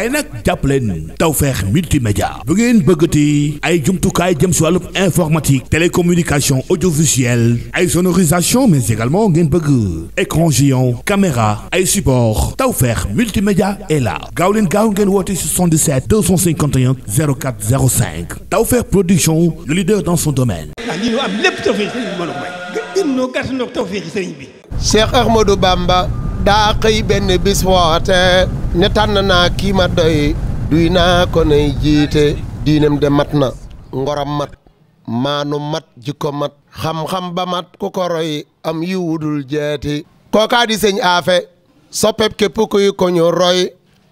waaye nag jàpp leen Tawfekh multimédia bu ngeen bëggati ay jumtukaay jëm si wàllu informatique télécommunication audiovisuelle ay sonorisation mais également ngeen bëgg écran géant caméra ay support Tawfekh multimédia est là gaaw leen gaaw ngeen woote 77 251 04 05 Tawfekh production le leader dans son domaine ah, Cheikh Ahmadou Bamba daa xëy benn bis woote ne tànn naa kii ma doy duy naa ko nay jiite diinem de mat na ngoram mat maanu mat jikko mat xam-xam ba mat ku ko roy am yi wudul jeeti kookaa di sëñ aafe soppeb képp kuy ko ñu roy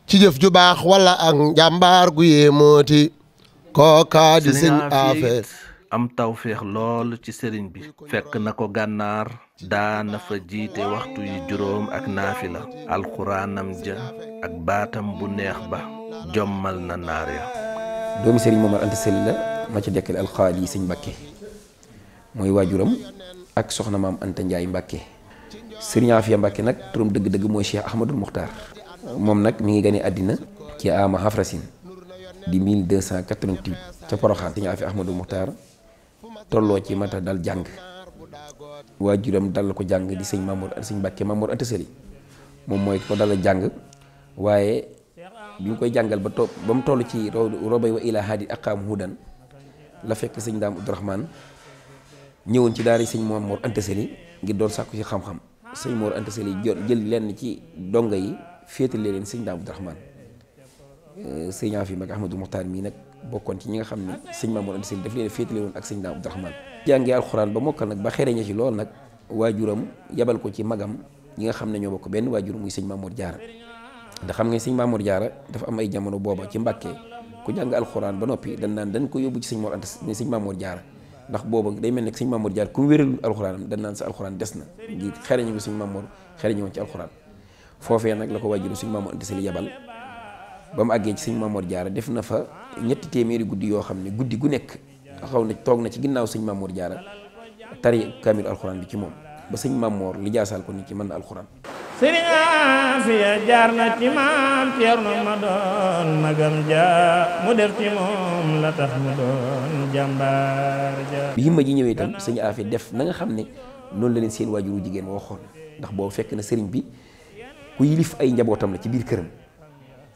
ci jëf ju baax wala ak njàmbaar gu yee mooti di sëñ aafe am tawféex lool ci sëriñ bi fekk na ko gànnaar daana fa jiite waxtu yu juróom ak naafila alxuraanam ja ak baatam bu neex ba jommal na naar ya doomi sëriñ Momar Anta Sali la ma ca dekkale alxaali sëñ Mbàkke mooy waajuram ak soxna maam Anta Njaay Mbàkke sëriñ Afiya Mbàkke nag turam dëgg-dëgg mooy Cheikh Ahmadul Muxtaar moom nag mi ngi gane àddina ci ama hafrasin di 1288 ca Poroxaan sëriñ Afiya Ahmadul Muxtaar tolloo ci mata dal jàng waajuram dal ko jàng di sëñ Mamour sëñ Mbàkke Mamour Anta Sali moom mooy ko dal jàng waaye bi mu koy jàngal ba to ba mu toll ci robay wa ila haadi aqaam hudan la fekk sëñ daam Abdourahmane ñëwoon ci daara sëñ Mamour Anta Sali ngir doon sàkku ci xam-xam sëñ Mamour Anta Sali jël lenn ci donga yi féetale leen sëñ daam Abdourahmane Euh, sëñ Afi mag Ahmadou Mokhtar mii nag bokkoon ci ñi nga xam ne sëñ Mamour Anta def daf leen féetale woon ak sëñ Daam Abdourahmane jàngi alxuraan ba mokkal nag ba xereñe ci lool nag waajuram yabal ko ci magam ñi nga xam ne ñoo bokk benn waajur muy sëñ Mamour Diarra ndax xam nga sëñ Mamour Diarra dafa am ay jamono booba ci Mbàkke ku jàng alxuraan ba noppi dañ naan dañ ko yóbbu ci sëñ Mor Anta ne sëñ Mamour Diarra ndax booba day mel ne sëñ Mamour Diarra ku mu wéral alxuraan dañ naan sa alxuraan des na ngir xereñe bi sëñ Mamour xereñe woon ci alxuraan foofee nag la ko waajuru sëñ Mamour Anta Sali yabal ba mu àggee ci sëñ Mamoor Jaara def na fa ñetti téeméeri guddi yoo xam ne guddi gu nekk xaw na toog na ci ginnaaw sëñ Mamoor Jaara tari kaamil alxuraan bi ci moom ba sëñ Mamoor li jaasaal ko nit ci man na alxuraan. sëriñ Afia jaar na ci maam Thierno ma doon magam ja mu def ci moom la tax mu doon jàmbaar ja. bi himma ji ñëwee itam sëñ Afia def na xam ne noonu la leen seen waajuru jigéen waxoon ndax boo fekk na sëriñ bi ku yilif ay njabootam la ci biir këram.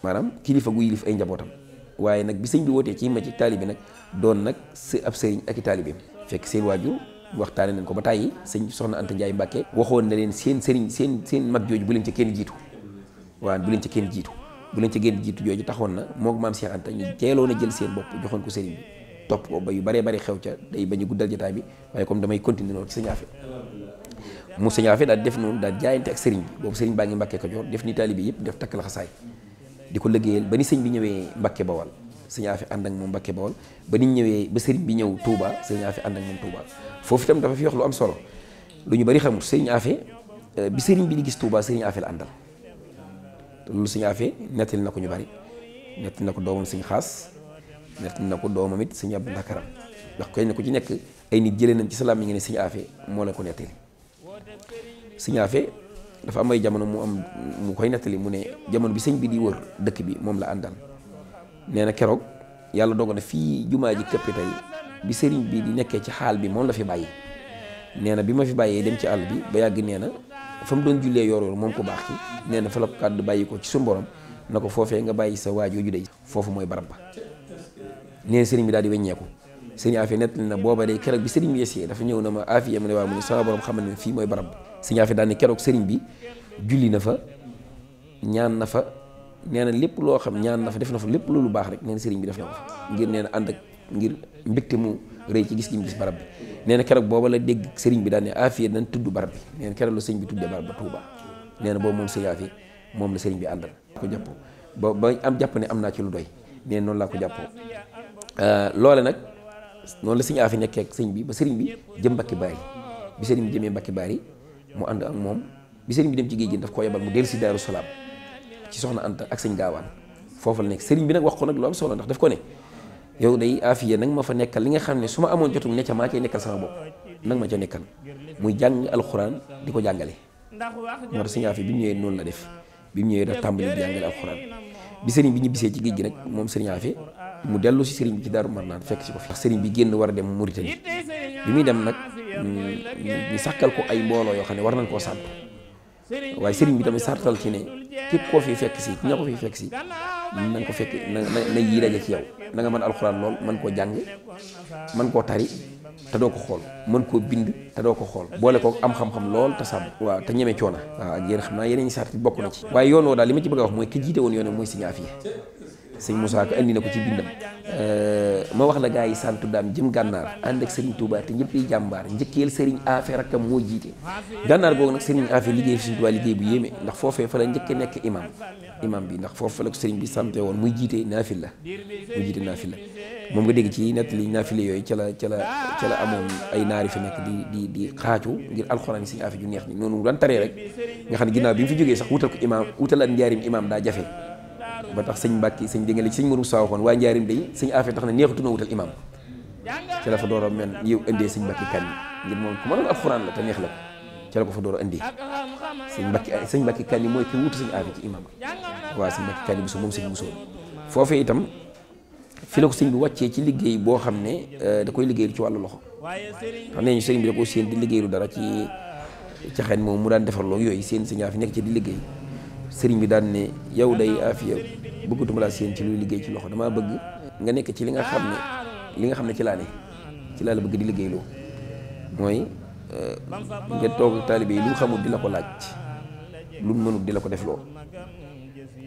maanaam kilifa guy yilif ay njabootam waaye nag bi sëñ bi wootee ci ma ci taalibi nag doon nag sa ab sëriñ ak i taalibeem fekk seen waajur waxtaane nañ ko ba tàyyi sëñ soxna Anta Ndiaye Mbacke waxoon na leen seen sëriñ seen seen mag jooju bu leen ci kenn jiitu waaw bu leen ci kenn jiitu bu leen ci kenn jiitu jooju taxoon na moo maam Cheikh Anta ñu teeloon a jël seen bopp joxoon ko sëriñ bi topp ko ba yu bare bari xew ca day bañu guddal jotaay bi waaye comme damay continuer noonu ci sëñ Afe mu sëñ Afe def noonu daal jaayante ak sëriñ bi boobu sëriñ baa ngi Mbacke ko jox def ni taalibi yëpp def takk laxasaay di ko liggéeyal ba ni sëñ bi ñëwee Mbacke Bawal sëñ Afi ànd ak moom Mbacke Bawal ba ni ñëwee ba sëriñ bi ñëw Touba sëñ Afi ànd ak moom Touba foofu itam dafa fi wax lu am solo lu ñu bari xamul sëñ Afi euh, bi sëriñ bi di gis Touba sëriñ Afi la àndal loolu sëñ Afi nettali na ko ñu bari nettali na ko doomam sëñ Xaas nettali na ko doomam it sëñ Abdou Ndakaram ndax kenn ku ci nekk ay nit jëlee nañ ci salaam yi ngeen ne sëñ Afi moo la ko nettali sëñ Afi dafa am ay jamono mu am mu koy nettali mu ne jamono bi sëñ bi di wër dëkk bi moom la àndal nee na keroog yàlla dogal na fii jumaa ji këppi tey bi sëriñ bi di nekkee ci xaal bi moom la fi bàyyi nee na bi ma fi bàyyee dem ci àll bi ba yàgg nee na fa mu doon jullee yor moom ko baax ki nee na fa la ko kàddu bàyyi ko ci suñu borom na ko foofee nga bàyyi sa waajooju de foofu mooy barab ba nee na sëriñ bi daal di weññeeku sëriñ Afia nettali na booba day keroog bi sëriñ bi yesee dafa ñëw na ma Afia mu ne waaw mu ne sama borom xamal ne fii mooy barab sëñ Afia daal ne keroog sëriñ bi julli na fa ñaan na fa nee na lépp loo xam ñaan na fa def na fa lépp loolu baax rek nee sëriñ bi def na ko fa ngir nee na ànd ak ngir mbégte mu rëy ci gis gi mu gis barab bi neena na keroog booba la dégg sëriñ bi daal ne Afia nañ tudd barab bi nee na keroog la sëñ bi tuddee barab ba Touba nee boobu moom sëñ Afia moom la sëriñ bi àndal ko jàpp ba ba am jàpp ne am naa ci lu doy nee noonu laa ko jàppoo euh, loole nag noonu la sëñ Afia nekkee sëñ bi ba sëriñ bi jëm Mbacke Bari bi sëriñ jëmee Mbacke Bari mu ànd ak moom bi sëriñ bi dem ci géej gi daf koo yebal mu dellu si Daaru Salaam ci soxna Anta ak sëñ gaawaan foofu la nekk sëriñ bi nag wax ko nag lu am solo ndax def ko ne yow day afiya nag ma fa nekkal li nga xam ne su ma amoon jotum ne ca maa cay nekkal sama ma ca nekkal muy jàng alxuraan di ko jàngale moo tax bi ñëwee noonu la def bi ñëwee daf tàmbali jàngale alxuraan bi bi ñu ci géej gi nag moom sëriñ afi mu dellu si sëriñ bi ci Daaru Marnaan fekk si ko fi ndax sëriñ bi génn war a dem Mauritanie bi muy dem nag ñu sàkkal ko ay mbooloo yoo xam ne war nañ koo sant waaye sëriñ bi tamit sartal ci képp koo fi fekk si ki nga fekk si na nga ko fekk na na yii daje ci yow na nga mën alxuraan lool mën koo jàng mën koo tari te doo ko xool mën te ko xool boole ko am xam-xam lool te sàmm waaw te ñeme coona waaw ak yéen xam naa yeneen sart bokk na ci waaye yoon woo daal li ma ci bëgg a wax mooy ki jiite woon yoon mooy Sëriñ Afiya sëñ Moussa indi na ko ci bindam eh, ma wax la gaa yi santu daan jëm gànnaar ànd ak Serigne Touba te ñëpp yi jàmbaar njëkkeel Serigne Affe rakkam moo jiite gànnaar googu nag Serigne Affe liggéey Serigne Touba liggéey bu yéeme ndax foofee fa la nekk imam imam bi ndax foofu fa la ko bi sante woon muy jiite naafila muy jiite naafila moom nga dégg ci nett li naafila yooyu ca la ca la ca la amoon ay naari fi nekk di di di xaacu ngir alxuraan Serigne Affe ju neex ni noonu lan taree rek nga xam ne ginnaaw bi mu fi jógee sax wutal ko imam wutal ak njaarim imam daa jafe ba tax sëñ Mbàkke sëñ dégg nga li sëñ Mourou Sow waa njaarim day sëñ affaire tax na neexatu na wutal imam ci la fa door a men yow sëñ Mbàkke kan ngir moom ku mënoon alxuraan la te neex la door a indee sëñ Mbàkke sëñ mooy ki wutu sëñ ci imam waaw sëñ Mbàkke kan Bousso moom sëñ Bousso foofee itam fi la ko sëñ bi wàccee ci liggéey boo xam ne eh, da koy liggéeyal ci wàllu loxo ndax nee ñu sëñ bi da di liggéeyalu dara ci caxeen moom mu daan defar loolu yooyu seen sëñ fi nekk ci di liggéey sëriñ bi daan ne yow day afiya bëggatuma laa seen ci luy liggéey ci loxo damaa bëgg nga nekk ci li nga xam ne li nga xam ne ci laa ne ci laa la bëgg di liggéeyloo mooy euh, nga toog taalibe yi lu xamul di la ko laaj lu mënul di la ko def loo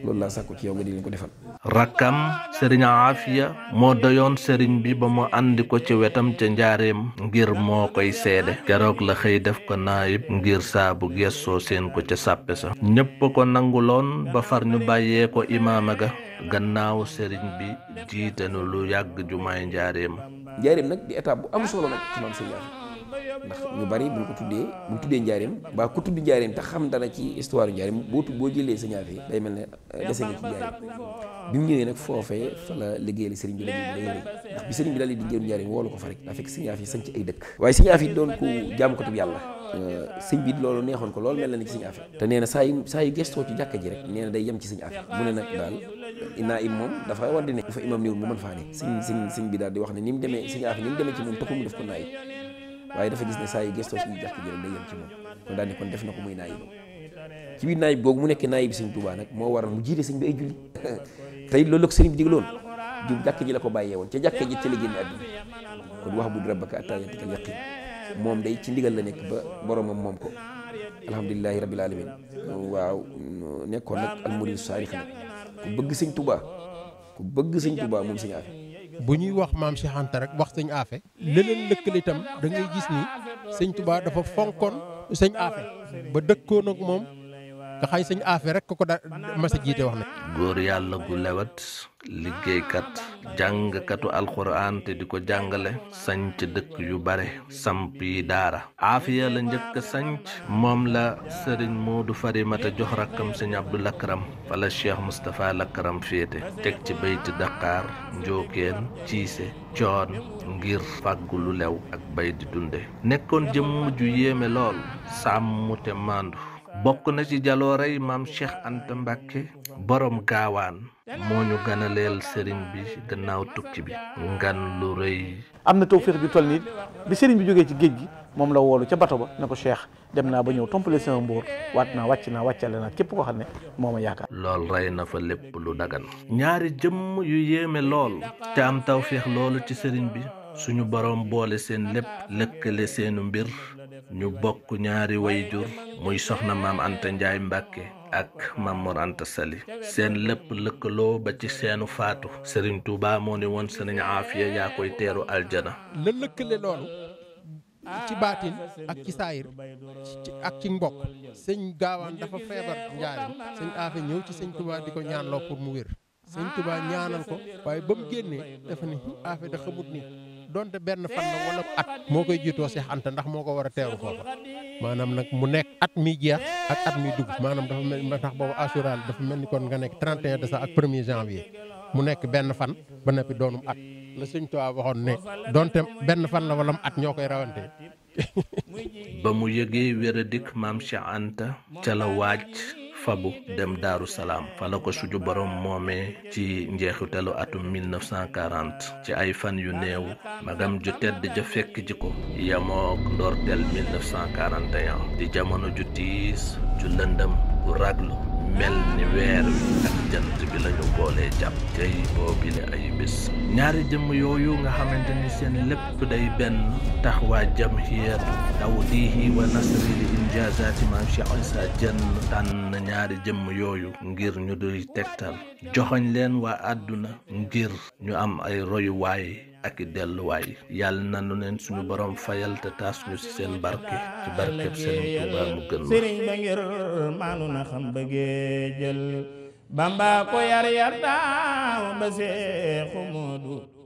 loolu laa sàkku ci yow nga di leen ko defal. rakkam sëriñ Afia moo doyoon sëriñ bi ba mu indi ko ci wetam ca njaareem ngir moo koy seede keroog la xëy def ko naayib ngir saabu gessoo seen ko ca sàppe sa ñépp ko nangu loon ba far ñu bàyyee ko imaama ga gannaaw sëriñ bi jiite na lu yàgg jumaay njaareem ndax ñu bari buñ ko tuddee buñ tuddee njaareem mbaa ku tudd njaareem te xam dara ci histoire njaareem boo boo jëlee sa ñaar yi day mel ne euh, dese nga ci njaareem bi mu ñëwee nag foofee fa la liggéeyal sëriñ bi bi sëriñ bi daal di liggéeyal njaareem woolu ko fa rek daa fekk sëriñ sañ sanc ay dëkk waaye sëriñ Afi doon ko jaamu katub yàlla euh, sëñ bi loolu neexoon ko loolu mel na ni ci sëñ Afi te nee na saa yu saa yu gestoo ci jàkka ji rek nee na day yem ci sëñ Afi mu ne nag daal naa im moom dafa war di ne dafa imam néew mu di wax ne ni mu demee sëñ demee ci moom waaye dafa gis ne saa yi gëstoo suñu jàkk ji rek day yem ci moom kon daal ne kon def na ko muy naayib ci biir naayib googu mu nekk naayib sëñ Tuubaa nag moo waral mu jiite sëñ bi ay julli tey loolu la ko sëriñ bi digloon jub jàkk ji la ko bàyyee woon ca jàkk ji ca la génne àdduna kon wax bud rabbaka attaa yatikal yaqin moom day ci ndigal la nekk ba boromam moom ko alhamdulilahi rabbil alamin waaw nekkoon nag almurid saarix nag ku bëgg sëñ Tuubaa ku bëgg sëñ Tuubaa moom sëñ bu ñuy wax maam Cheikh Anta rek wax sëñ Afe leneen lëkkalitam dangay gis ni sëñ Touba dafa fonkoon sëñ Afe ba dëkkoon ak moom. nga xay sëñ aafe rek ko ko da masa jiite wax na góor yàlla gu lewet liggéeykat jàngkatu alxuraan te di ko jàngale sanc dëkk yu bare samp yi daara aafiya la njëkk sanc moom la sëriñ Moodu Farimata jox rakkam sëñ Abdu Lakram fala Cheikh Moustapha Lakram féete teg ci bayti Dakar Njookeen Ciise coon ngir fàggu lu lew ak bay di dunde nekkoon jëmm ju yéeme lool sàmm màndu bokk na ci jaloorey maam Cheikh Anta Mbàkke borom gaawaan moo ñu ganaleel sëriñ bi gannaaw tukki bi ngan lu rëy am na tawféex ju toll nii bi sëriñ bi jógee ci géej gi moom la woolu ca bato ba ne ko Cheikh dem naa ba ñëw tompale sama mbóor waat naa wàcc naa wàccale naa képp ko xam ne moo ma yaakaar lool rey na fa lépp lu dagan ñaari jëm yu yéeme lool te am tawféex loolu ci sëriñ bi suñu borom boole seen lépp lëkkale seenu mbir ñu bokk ñaari wayjur muy soxna maam Anta Njaay Mbàkke ak Maam Mor Anta Sali seen lëpp lëkkaloo ba ci seenu faatu Serigne Touba moo ne woon Serigne Aafiya yaa koy teeru aljana la lëkkale loolu ci baatin ak ci saayir ak ci mbokk sëñ gaawaan dafa feebar njaayam sëñ Aafiya ñëw ci sëñ Touba di ko ñaan pour mu wér sëñ Touba ñaanal ko waaye ba mu génnee dafa ni Aafiya da xamut ni donte benn fan la wala at moo koy jiitoo Seex Anta ndax moo ko war a teeru foofa maanaam nag mu nekk at mi jeex ak at mi dugg maanaam dafa mel ma tax boobu assural dafa mel ni kon nga nekk de décembre ak 1er mu nekk benn fan ba noppi doonum at la sëñ Tuubaa waxoon ne donte benn fan la wala mu at ñoo koy rawante ba mu yëgee wér dikk maam Seex Anta ca la waaj fabu dem daaru salaam fala ko suñu borom moomee ci njeexitalu atum 1940 ci ay fan yu néew magam ju tedd ja fekk ji ko yamook ndoorteel 1941 di jamono ju tiis ju lëndëm bu raglu mel ni weer wi ak bi lañu boole jàpp tey boo bi ne ay bés ñaari jëmm yooyu nga xamante ni seen lépp day benn tax waa jamhiyatu tawdihi wa nasri li injaazaati maam Cheikh Issa Diène tànn ñaari jëmm yooyu ngir ñu duy tegtal joxoñ leen waa àdduna ngir ñu am ay royuwaay ak i delluwaay yàlla nanu leen suñu boroom fayal te taas ñu seen barke ci barkeb seen Tuuba gën ma ba ngir maanu na xam bëggee jël bamba ko yar yar daaw ba seexu moodu